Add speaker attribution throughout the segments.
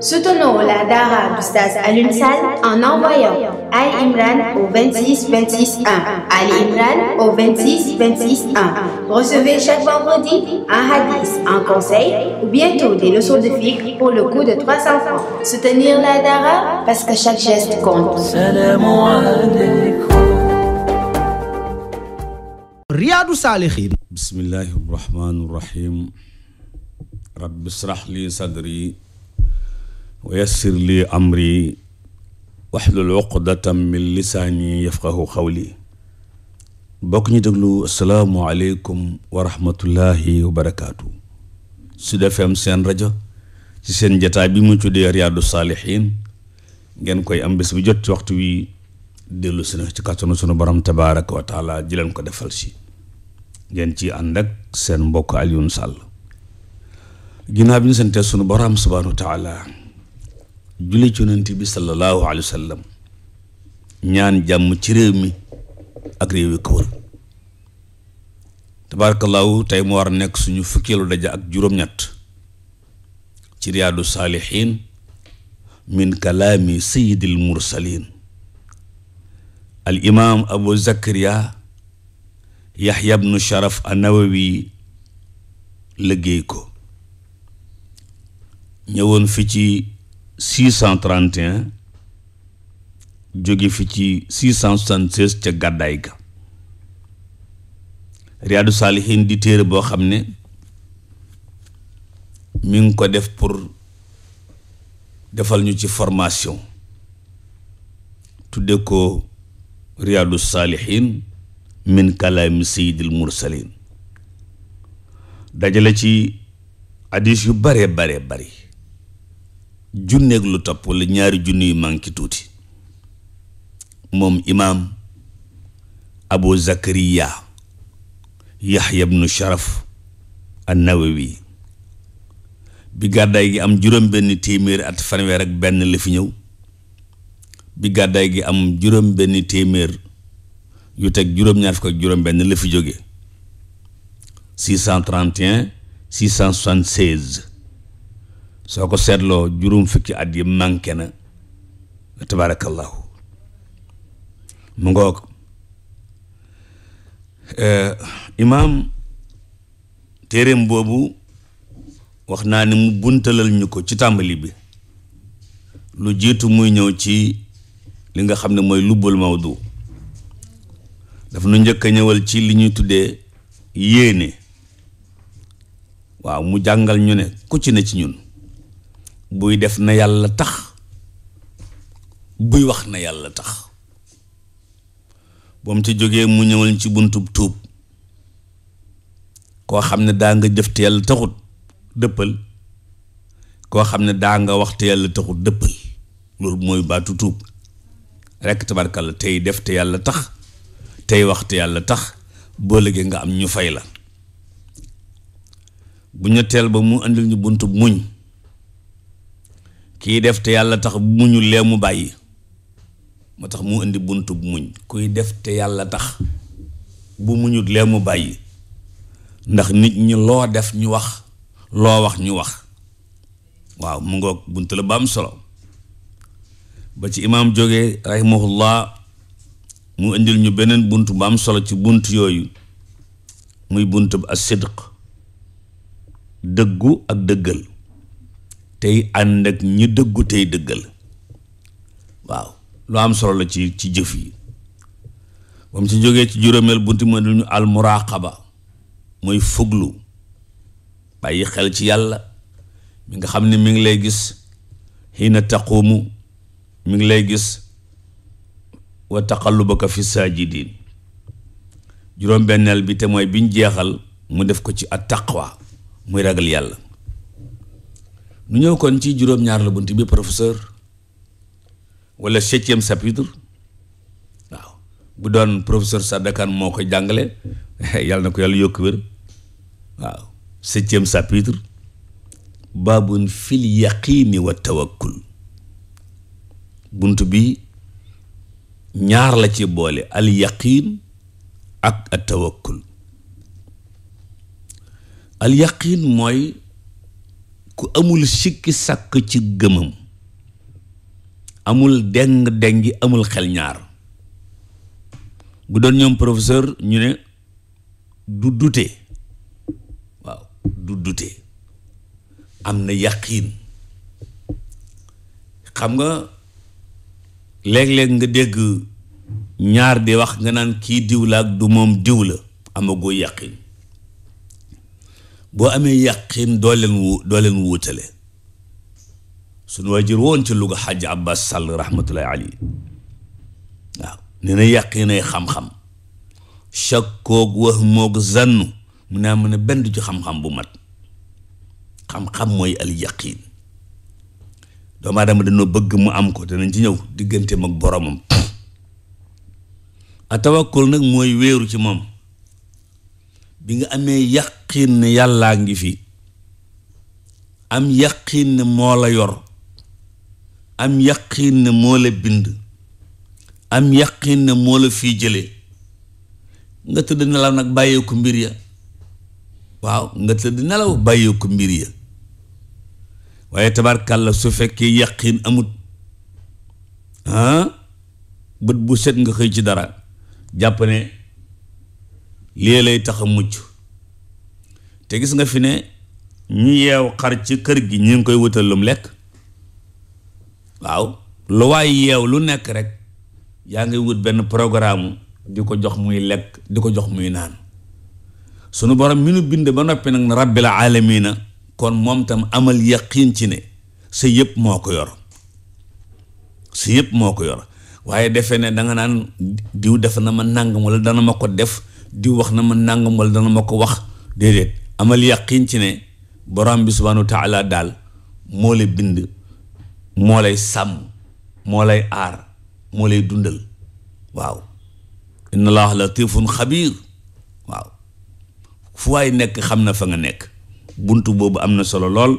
Speaker 1: Soutenons la Dara d'Oustaz Alioune en envoyant Ali Imran au Recevez chaque vendredi un hadith, un conseil bientôt des leçons de fiqh pour le coût de 300 francs. Soutenir la Dara parce que chaque geste compte. wa yassir li amri waxlul uqdatam min lisaani yafqahu xawli bokk ñu déglu asalaamualeykum wa rahmatullahi wa barakaatu Sud FM seen rajo ci seen jataay bi mu tuddee Riyadou ngeen koy am bés jot ci waxtu wi dellu si na ci kàttanu sunu borom tabaaraka wa taala ji leen ko defal si ngeen ci ànd ak seen mbokk Alioune Sall ginnaaw bi ñu santee sunu borom subhaanahu wa taala julli ci bi sallallahu alayhi wa ñaan jàmm ci réew mi ak réew yi ko wër tey mu war nekk suñu fukkeelu daja ak juróom-ñett ci riyaadu saalihiin min kalaami sayyidil mursaliin al imaam abu zakariya yaxya bnu sharaf annawawi liggéey ko ñëwoon fi ci 631 jóge fi ci 676 ca gàddaay ga Riyaadu Saalihiin di téere boo xam ne mi ngi ko def pour defal ñu ci formation tudde ko Riyaadu Saalihiin min kalaami sayyidil mursaliin dajale ci hadiis yu bare bare bari junneeg lu topp wala ñaari junni yu manqué tuuti moom imaam abu zakariya yaxya bnu sharaf an-nawawi bi gàddaay gi am juróom benn téeméer at fanweer ak benn la fi ñëw bi gàddaay gi am juróom benn téeméer yu teg juróom-ñaar fukk ak juróom benn la fi jóge 631 676 soo ko seetloo juróom fukki at yi manqué na tabaarakallahu mu ngoog eh, imaam téeréem boobu wax naa ni mu buntalal ñu ko ci tàmbali bi lu jiitu muy ñëw ci li nga xam ne mooy lubbal mawdu daf nu njëkk a ñëwal ci li ñuy tuddee yéene waaw mu jàngal ñu ne ku ci ci ñun buy def na yàlla tax buy wax na yàlla tax ba mu ci jógee mu ñëwal ci buntub tuub koo xam ne daa nga jëf te yàlla taxut dëppal koo xam ne daa nga wax te yàlla taxut dëppal loolu mooy baatu tuub rekk tabarkalla tey def te yàlla tax tey wax yàlla tax boo léegi nga am ñu fay la bu ñetteel ba mu indil ñu buntub muñ kii def te yàlla tax muñu lee mu bàyyi moo tax mu indi buntu muñ kuy def te yàlla tax bu muñut lee mu bàyyi ndax nit ñi loo def ñu wax loo wax ñu wax waaw mu ngoog bunt la ba am solo ba ci imaam jógee rahimahullah mu indil ñu beneen bunt ba am solo ci bunt yooyu muy bunt bi ak sidq dëggu ak dëggal tey ànd ak ñu dëggu tey dëggal waaw lu am solo la ci ci jëf yi ba mu ci jógee ci juróomeel bunt mu ne ñu almuraqaba muy fuglu bàyyi xel ci yàlla mi nga xam ne mi ngi lay gis xiina taquumu mi ngi lay gis wa taqallubaka fi saajidin juróom benneel bi te mooy biñ jeexal mu def ko ci at taqwa muy ragal yàlla nu ñëw kon ci juróom-ñaar la bunt bi professeur wala septième chapitre waaw bu doon professeur Sadakan moo ko jàngale yàlla na ko yàlla yokk wér waaw septième chapitre baabun fil yaqiini wa tawakkul bunt bi ñaar la ci boole al yaqiin ak at tawakkul al yaqiin mooy ku amul sikki sàkk ci gëmam amul deng-dengi amul xel ñaar bu doon ñoom professeur ñu ne du dute waaw du dute am na yaqiin xam nga léeg-léeg nga dégg ñaar di wax nga naan kii diw la ak du moom diw la amagoo yaqin boo amee yàqin doo leen wu doo leen wuutale sunu waajur woon ci Louga xaj Abbas Sall rahmatullahi ali waaw nee na yàqin ay xam-xam chakkoog wax moog zannu mu naa mën na benn ci xam-xam bu mat xam-xam mooy al yaqin doomu aadama dañoo bëgg mu am ko danañ ci ñëw digganteem ak boromam atawakkul nag mooy wéeru ci moom bi nga amee yàqin ne yàllaa ngi fi am yàqin ne moo la yor am yàqin ne moo la bind am yàqin ne moo la fii jële nga tëdd nelaw nag bàyyee mbir ya waaw nga tëdd nelaw bàyyee mbir ya waaye tabarkàlla su fekkee yàqin amut ah, bët bu set nga xëy ci dara jàpp lii lay tax a mucc te gis nga fi ne ñu yeew xar ci kër gi ñu ngi koy wutal lum lekk waaw lu waay yeew lu nekk rek yaa ngi wut benn programme di ko jox muy lekk di ko jox muy naan sunu borom mi nu bind ba noppi nag rabbil aalamiina kon moom tam amal yaqiin ci ne sa yëpp moo ko yor si yëpp moo ko yor waaye defe ne danga naan diw def na ma nangam wala dana ma ko def di wax na ma nangam wala dana ma ko wax déedéet amal yaqin ci ne borom bi subhaanahu wa taala daal moo lay bind moo lay sàmm moo lay aar moo lay dundal waaw inna allaha latifun xabiir waaw fu waay nekk xam na fa nga nekk bunt boobu am na solo lool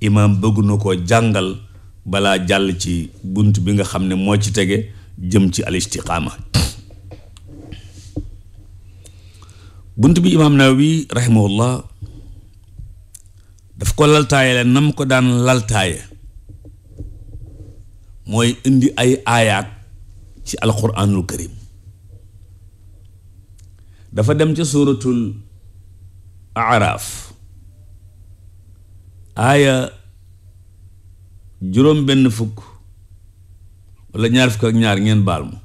Speaker 1: imaam bëgg na koo jàngal balaa jàll ci bunt bi nga xam ne moo ci tege jëm ci al istiqaama bunt bi imaam Nawawi rahimahullah daf ko laltaaye la nam ko daan laltaaye mooy indi ay aayaat ci alquranul karim dafa dem ca suuratul araaf aaya juróom benn fukk wala ñaar fukk ak ñaar ngeen baal ma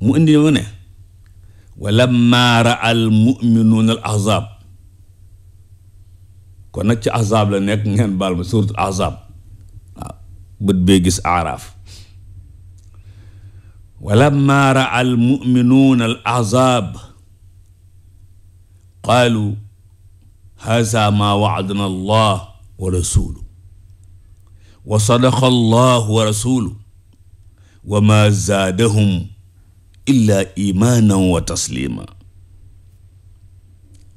Speaker 1: mu indi ma walammaa raa al muminuuna al ahzaab kon nag ci ahzaab la nekk ngeen baal ma suuratul ahzaab waaw bët bee gis aaraaf walammaa raa al muminuuna al ahzaab qaalu haazaa maa waadana allah wa rasuluhu wa sadaqa allah wa rasuluhu wa maa zaadahum illaa imaanan wa taslima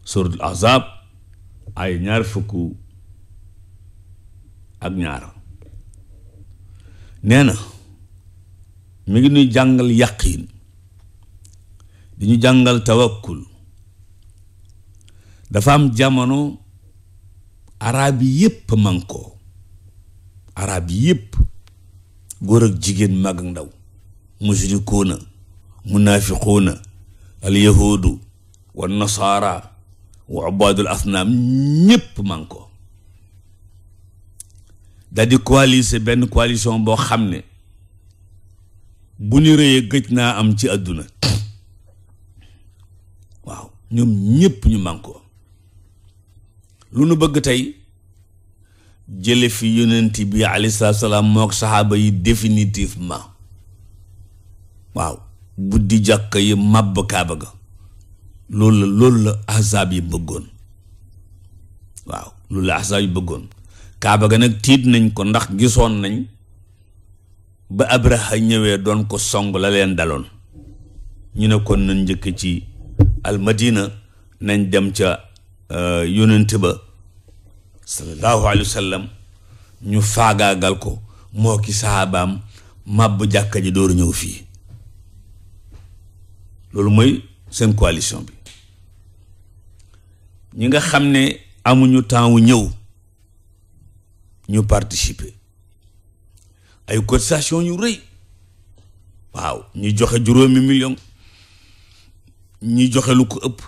Speaker 1: suratul ahzab ay ñaar fukk ak ñaar nee mi ngi ñuy jàngal yaqiin di ñu jàngal tawakkul dafa am jamono arab yépp mànkoo arab yi yépp góor jigéen mag ak ndaw mushrikuuna munaafiquuna alyahuudu wa nasaara wa ubaadul asnaam ñépp man ko dal benn coalition boo xam ne bu ñu rëyee gëj naa am ci àdduna waaw ñoom ñépp ñu man lu nu bëgg tey jële fi yonent bi alayhi salaatu salaam mook saxaaba yi définitivement waaw buddi jàkka yi màbb kaaba ga loolu la loolu la ahzaab yi bëggoon waaw loolu la ahzaab yi bëggoon kaaba ga nag tiit nañ ko ndax gisoon nañ ba abraha ñëwee doon ko song la leen daloon ñu ne kon nañ njëkk ci almadina nañ dem ca euh, yonent ba sallallahu alayhi wa ñu faagaagal ko moo ki saabaam màbb jàkka ji door ñëw fii loolu mooy seen coalition bi ñi nga xam ne amuñu temps wu ñëw ñu participer ay cotisation yu rëy waaw ñu joxe juróomi million ñu joxe lu ko ëpp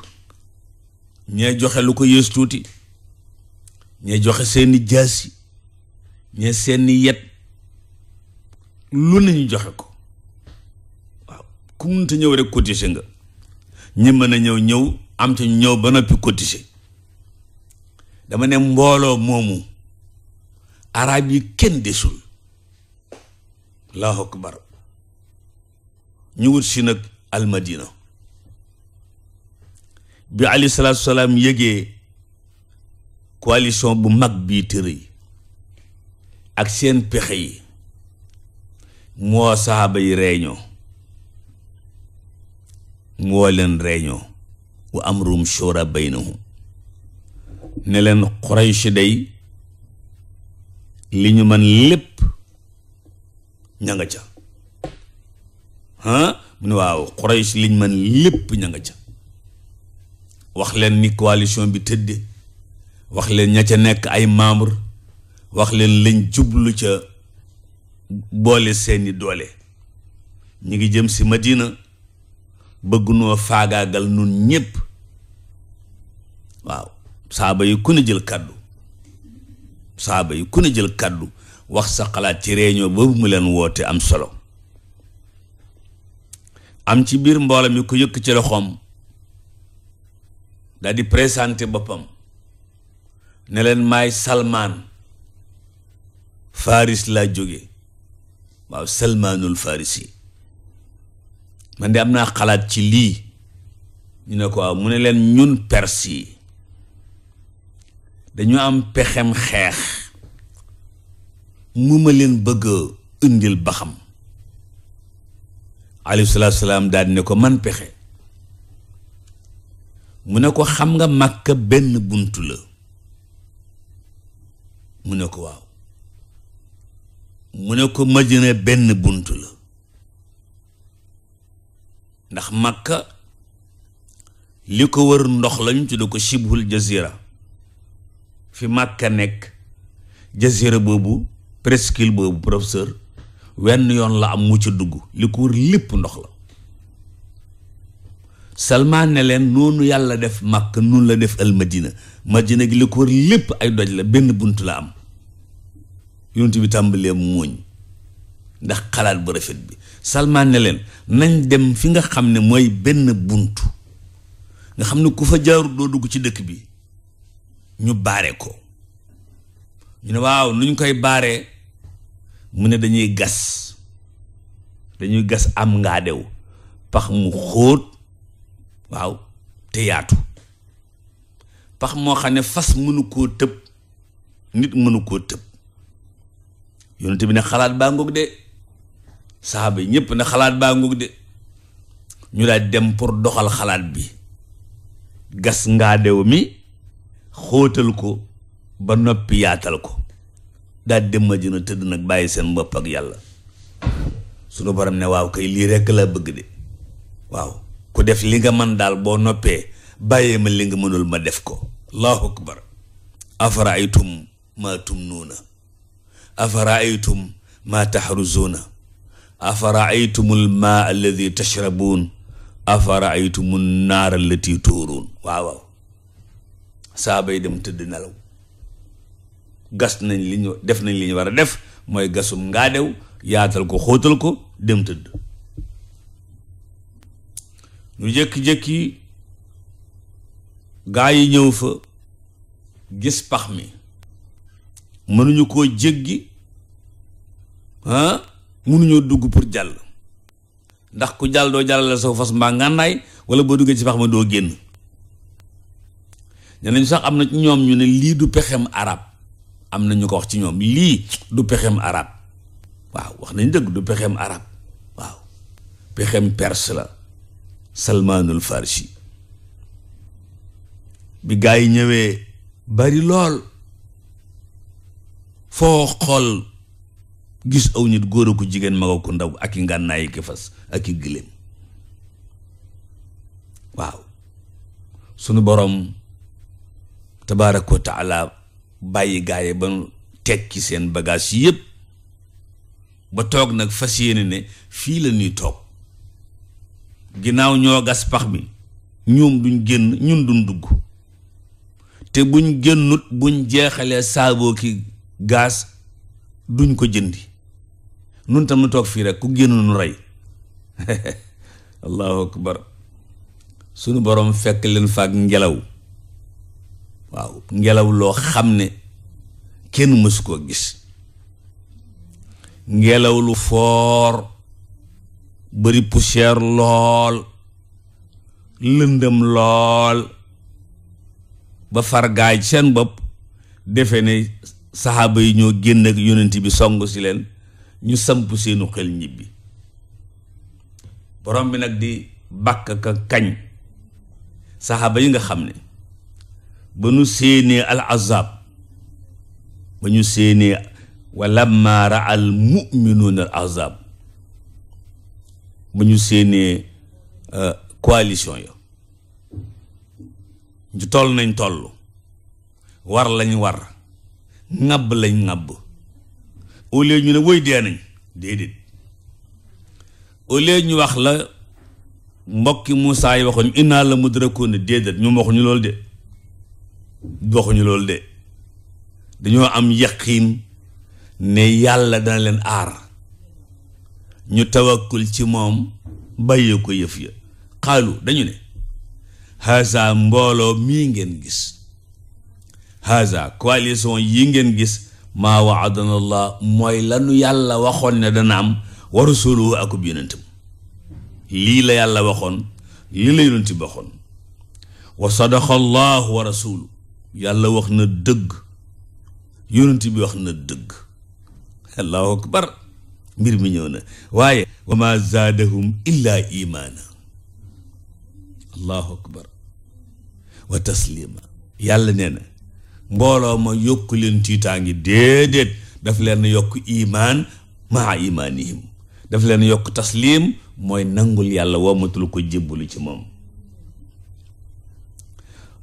Speaker 1: ñee joxe lu ko yées tuuti ñee joxe seeni jaasi ñee seeni yet lu nañu joxe ko ku munta ñëw rek cotiser nga ñi mën a ñëw ñëw am ca ñëw ba noppi cotiser dama ne mbooloo moomu arab yi kenn desul allahu akbar ñu wut si nag almadina bi aleyhi salaatu salaam yëgee coalition bu mag bii tër yi ak seen pexe yi moo saaba yi réunion mu woo leen réunion wa amrum shura baynahum leen Quraysh day li ñu man lépp nga ca ah waaw Quraysh liñ ñu man lépp ña nga ca wax leen ni coalition bi tëdde wax leen ña ca nekk ay membre wax leen lañ jublu ca boole seeni doole ñu ngi jëm si Madina bëgg noo faagaagal nun ñépp waaw saaba yi ku ne jël kàddu saaba yi ku ne jël kàddu wax sa xalaat ci réunion boobu mu leen woote am solo am ci biir mbooloo mi ku yëkk ci loxoom daal di présenté boppam ne leen maay salmaan faris laa jóge waaw salmaanul farisi man de am naa xalaat ci lii ñu ne ko waaw mu ne leen ñun perse yi dañu am pexem xeex mu ma leen bëgg indil ba xam alayhi salaam daal ne ko man pexe mu ne ko xam nga Makka benn bunt la mu ne ko waaw mu ne ko Madina benn bunt la ndax Makka li ko wër ndox lañu tudde ko shibhul jazira fi Makka nekk jazira boobu presqu'île boobu professeur wenn yoon la am mu ca dugg li ko wër lépp ndox la Salmaan ne leen noonu yàlla def makk noonu la def al Madina Madina gi li ko wër lépp ay doj la benn bunt la am yonent bi tàmbalee mu ndax xalaat bu rafet bi salmaan ne leen nañ dem fi nga xam ne mooy benn bunt nga xam ne ku fa jaaru doo dugg ci dëkk bi ñu baare ko ñu ne waaw nu ñu koy baaree mu ne dañuy gas dañuy gas am ngaa dew pax mu xóot waaw te yaatu pax moo xam ne fas mënu koo tëb nit mënu koo tëb yonent bi ne xalaat baa ngoog de saxaaba yi ñépp na xalaat baa ngug de ñu daal dem pour doxal xalaat bi gas ngaadew mi xootal ko ba noppi yaatal ko daal dem ma dina tëdd nag bàyyi seen bopp ak yàlla suñu borom ne waaw kay lii rekk laa bëgg de waaw ku def li nga man daal boo noppee bàyyee ma li nga mënul ma def ko allahu akbar afaraaytum maa tumnuuna afaraaytum maa taxruzuuna afaraaytumul maa alladi tashrabuun afaraaytumun naar allati tuuruun waaw waaw saabay dem tëdd nelaw gas nañ li ñu def nañ li ñu def mooy gasum ngaa dew yaatal ko xóotal ko dem tëdd ñu jékki-jékki gaa yi ñëw fa gis pax mi mënuñu ko jéggi ah munuñoo dugg pour jàll ndax ku jàll doo jàllale saw fas mbaa ngànnaay wala boo duggee ci pax ma doo génn ñeneen sax am na ñoom ñu ne lii du pexem arab am na ñu ko wax ci ñoom lii du pexem arab waaw wax nañ dëgg du pexem arab waaw pexem perse la salmaanul farsi bi gaa yi ñëwee bari lool foo xool gis aw nit góor jigéen mag a ko ndaw ak i ngànnaay ki fas ak i gëléem waaw sunu borom tabaaraka wa taala bàyyi gaaye ba nu tekki seen bagaas yépp ba toog nag fas yéene ne fii lañuy toog ginnaaw ñoo gas pax mi ñoom duñ génn ñun duñ dugg te buñ génnut buñ jeexalee saaboo ki gaas duñ ko jëndi nun tam toog fii rek ku génn nu rey allahu akbar sunu boroom fekk leen faak ngelaw waaw ngelaw loo xam ne kenn mësu koo gis ngelaw lu foor bëri poussière lool lëndëm lool ba fargaaj seen bopp defe ne saxaaba yi ñoo génn ak yonent bi song si leen ñu samp seenu xel ñibbi boroom bi nag di bàkk ka kañ saxaaba yi nga xam ne ba ñu séenee al azab ba ñu séenee wa lamma al muminuuna al azab ba ñu séenee euh, coalition ya ñu toll nañ toll war lañ war ŋàbb lañ ŋàbb au lieu ñu ne wëy dee nañ déedéet au ñu wax la mbokki Moussa yi waxuñu innaa la mudrakuun déedéet ñu waxuñu loolu de waxuñu loolu de dañoo am yaqiin ne yàlla dana leen aar ñu tawakkul ci moom bàyyi ko yëf ya xaalu dañu ne haza mbooloo mii ngeen gis haza coalition yi ngeen gis maa waadana allah mooy lanu yàlla waxoon ne dana am wa rasuluhu akub yonentam lii la yàlla waxoon lii la yonent bi waxoon wa sadaqa allahu wa rasulu yàlla wax na dëgg yonent bi wax na dëgg allahu akbar mbir mi ñëw na waaye wa ma zaadahum illa imaana allahu akbar wa taslima yàlla nee mbooloo ma yokku leen tiitaangi déedéet daf leen yokk imaan maa imaanihim daf leen yokk taslim mooy nangul yàlla woomatul ko jébbalu ci moom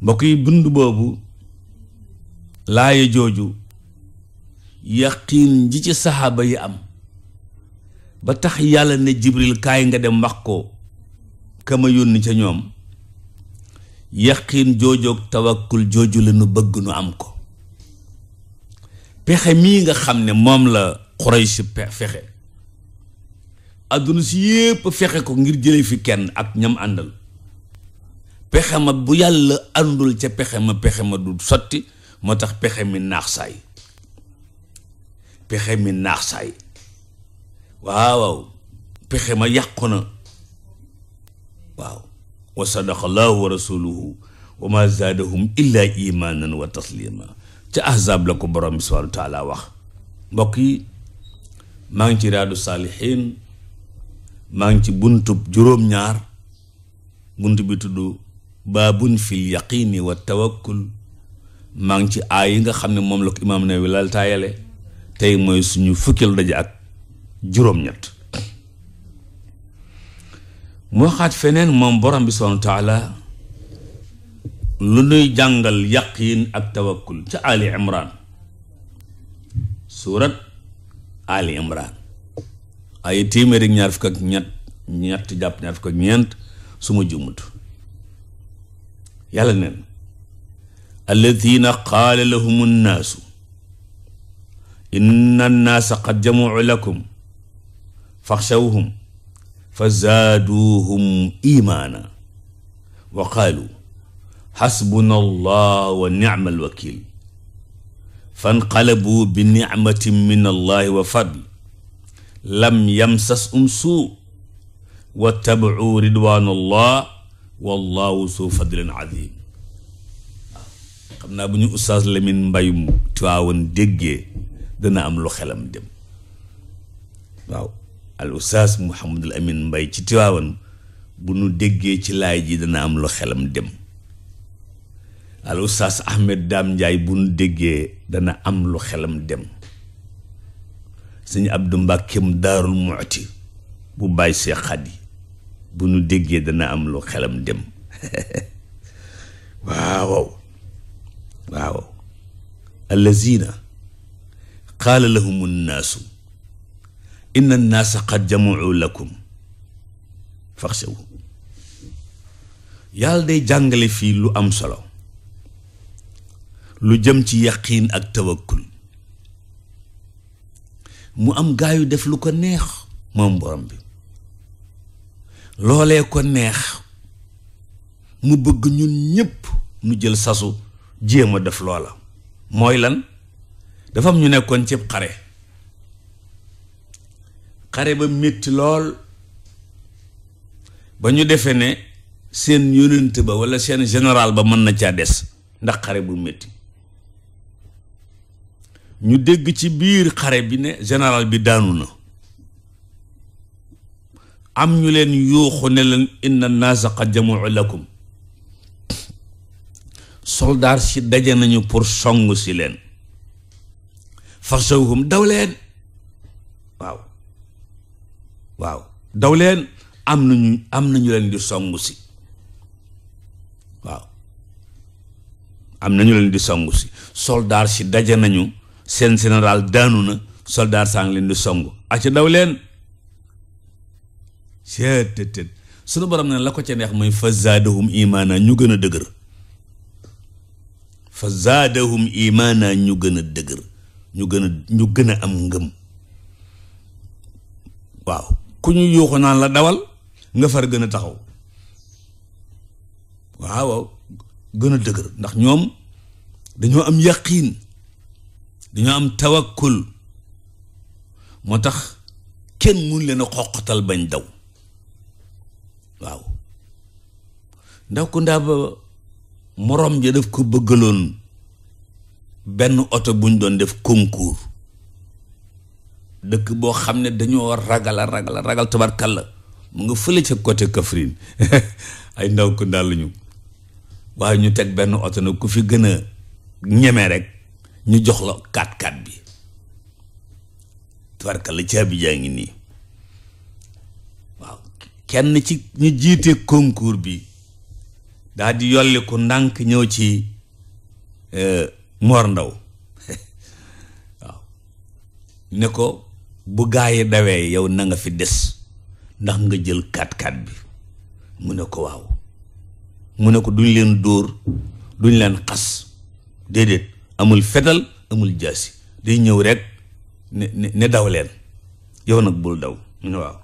Speaker 1: mbokk yi dund boobu laaya jooju yaqiin ji ci saxaaba yi am ba tax yàlla ne jibril kaay nga dem wax ko ka ma yónni ca ñoom yaqin joojoog tawakkul jooju la nu bëgg nu am ko pexe mii nga xam ne moom la Quraysh fexe àdduna si yépp fexe ko ngir jële fi kenn ak ñam àndal pexe ma bu yàlla àndul ca pexe ma pexe ma du sotti moo tax pexe mi naax saay pexe mi naax saay waaw pexe ma yàqu na waaw wa sadaqa allahu wa rasuluhu wa ma zaadahum illa imanan wa taslima ca ahzab la ko borom bi subhanahu wa taala wax mbokk yi maa ngi ci raadu saalihin maa ngi ci buntub juróom-ñaar bunt bi tudd baabun fil yaqini wa tawakkul maa ngi ci aay yi nga xam ne moom la ko imaam Nawawi lal taayale tey mooy suñu fukkeel daje ak juróom-ñett mu waxaat feneen moom borom bi subhaanahu wa taala lu nuy jàngal yaqiin ak tawakkul ca ali imran suurat ali imran ay téeméeri ñaar fukk ak ñett ñett jàpp ñaar fukk ak ñeent su ma jumut yàlla neen alladina qaala lahum nnaasu inna annaasa qad jamuu lakum faxshawhum fa zaaduuhum imaana wa qaalu xasbuna allah wa nicma alwakil fanqalabuu bi nicmatin min allahi wa fadl lam yamsas um suu wattabacuu ridwaana allah wallahu zu fadlin azim xam naa bu ñu ustaas Lamin Mbayum Tiwaawan déggee dana am lu xelam dem waaw al ustaas Mouhamadul Amin Mbay ci Tiwaawan bu nu déggee ci laay ji dana am lu xelam dem al ustaas Ahmed Daam Njaay bu nu déggee dana am lu xelam dem sëñ Abdu Mbàkkeem Daarul Muxti bu mbay see xaddi bu nu déggee dana am lu xelam dem waaw waaw allazina qaala lahumu nnaasu inna naasa qad jamucu lakum faxsewu yàlla day jàngale fii lu am solo lu jëm ci yaqiin ak tawakkul mu am gaayu def lu ko neex moom borom bi loolee ko neex mu bëgg ñun ñépp mu jël sasu jéem a def loola mooy lan defam ñu nekkoon cib xare xare ba métti lool ba ñu defee ne seen yónent ba walla seen général ba mën na caa des ndax xare bu metti ñu dégg ci biir xare bi ne général bi daanu na am ñu leen yuuxu ne leen inna naasa qad jamu'u lakum soldaar si daje nañu pour songu si leen farsawhum daw leen waaw waaw daw leen am nañu am nañu leen di songu si waaw am nañu leen di songu si soldaar si daja nañu seen seneraal daanu na soldaar saa ngi leen di songu acca daw leen seet tët tët sunu la ko ca neex muy fa zaadahum imaana ñu gën a dëgër fa zaadahum imaana ñu gën a dëgër ñu gën a ñu gën a am ngëm waaw ku ñu yuuxu naan la dawal nga far gën a taxaw waaw gën a dëgër ndax ñoom dañoo am yaqiin dañoo am tawakkul moo tax kenn mun leen a xoqatal bañ daw waaw ndaw ku ndaa ba morom ja daf ko bëggaloon benn oto buñ doon def concours dëkk boo xam ne dañoo ragala ragala ragal tabarkalla mu nga fële ca côté Kaffrine ay ndaw ko ndàll ñu waaye ñu teg benn oto na ku fi gën a ñeme rek ñu jox la kaat kaat bi tabarkalla caabi jaa ngi nii waaw kenn ci ñu jiite concours bi daa di yolli ku ndànk ñëw ci euh, Mor Ndaw waaw ne ko bu gaa yi dawee yow nanga fi des ndax nga jël kat-kat bi mu ne ko waaw mu ne ko duñ leen dóor duñ leen xas déedéet amul fetal amul jaasi day ñëw rek ne ne daw leen yow nag bul daw mu ne waaw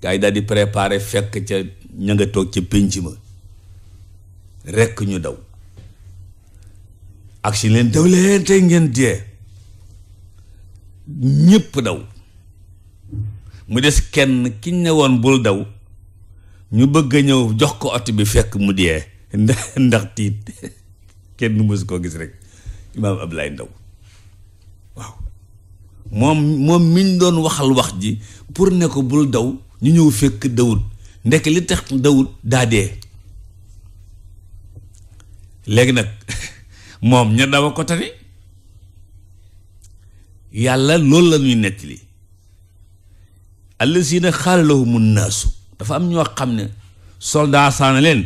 Speaker 1: gaa yi daal di préparer fekk ca ña nga toog ca pénc ma rekk ñu daw ak si leen daw leen tey ngeen dee ñépp daw mu des kenn ki ñu ne woon bul daw ñu bëgg a ñëw jox ko oto bi fekk mu dee ndax tiit kenn mësu koo gis rek imaam Ablaye Ndaw waaw moom moom miñ doon waxal wax ji pour ne ko bul daw ñu ñëw fekk dawut ndekk li tax dawut daa dee léegi nag moom ña daw a ko tane yàlla loolu la ñuy nettali allazina xaala lahumu naasu dafa am ñoo xam ne soldaar leen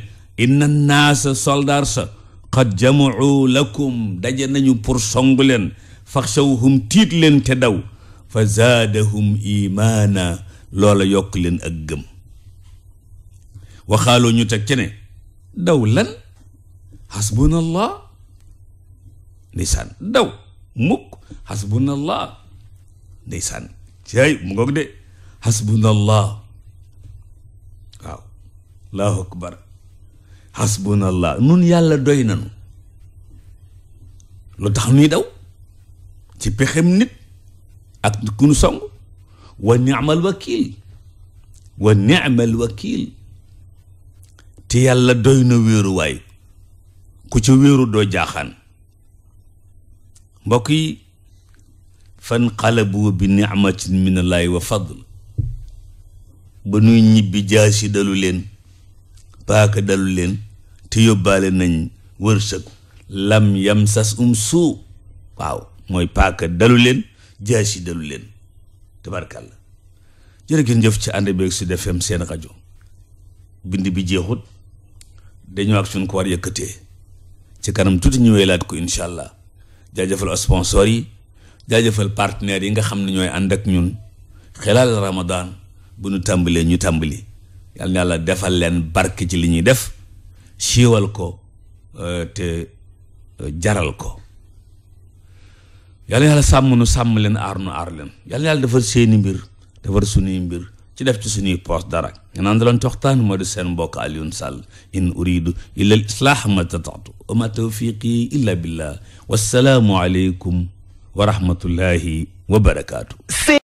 Speaker 1: inna naasa soldaar sa qad jamau lakum daje nañu pour song leen faxshawhum tiit leen te daw fa zaadahum imaana loola yokk leen ak gëm waxaaloo ñu teg kene ne daw lan hasbunallah nisaan daw mukk xasbunallah ndeysaan cay mu ngoog de xasbunallah waaw allahu akbar xasbunallah nun yàlla doy nanu lu tax nuy daw ci pexem nit ak ku nu song wa ni'mal wakil wa ni'mal wakil te yàlla doy na wéeruwaay ku ci wéeru doo jaaxaan mbokk yi fanqalabu bi nicmatin min allahi wa fadl ba nuy ñibbi jaasi dalu leen paaka dalu leen te yóbbaale nañ wërsëg lam yam sas um suu waaw mooy paaka dalu leen jaasi dalu leen tabarkàlla jërë ngeen jëf ci ànd beeg Sud FM seen rajo bind bi jeexut dañoo ak suñ ko war yëkkatee ci kanam tuuti ñëwee laat ko incha jaajëfal sponsor yi jaajëfal partenaires yi nga xam ne ñooy ànd ak ñun xelal Ramadan bu ñu tàmbalee ñu tàmbali yal na yàlla defal leen barke ci li ñuy def siwal ko euh, te euh, jaral ko yal na yàlla sàmm nu sàmm leen aar nu aar leen yal na yàlla defar seeni mbir defar sunuy mbir ci def ci suñuy poos dara nga naan da loon waxtaan moo di seen mbokk Alioune Sall in uridu illa al islaaha ma tataatu wa ma tawfiqi illa billah wassalaamu aleykum wa rahmatullahi wa barakaatu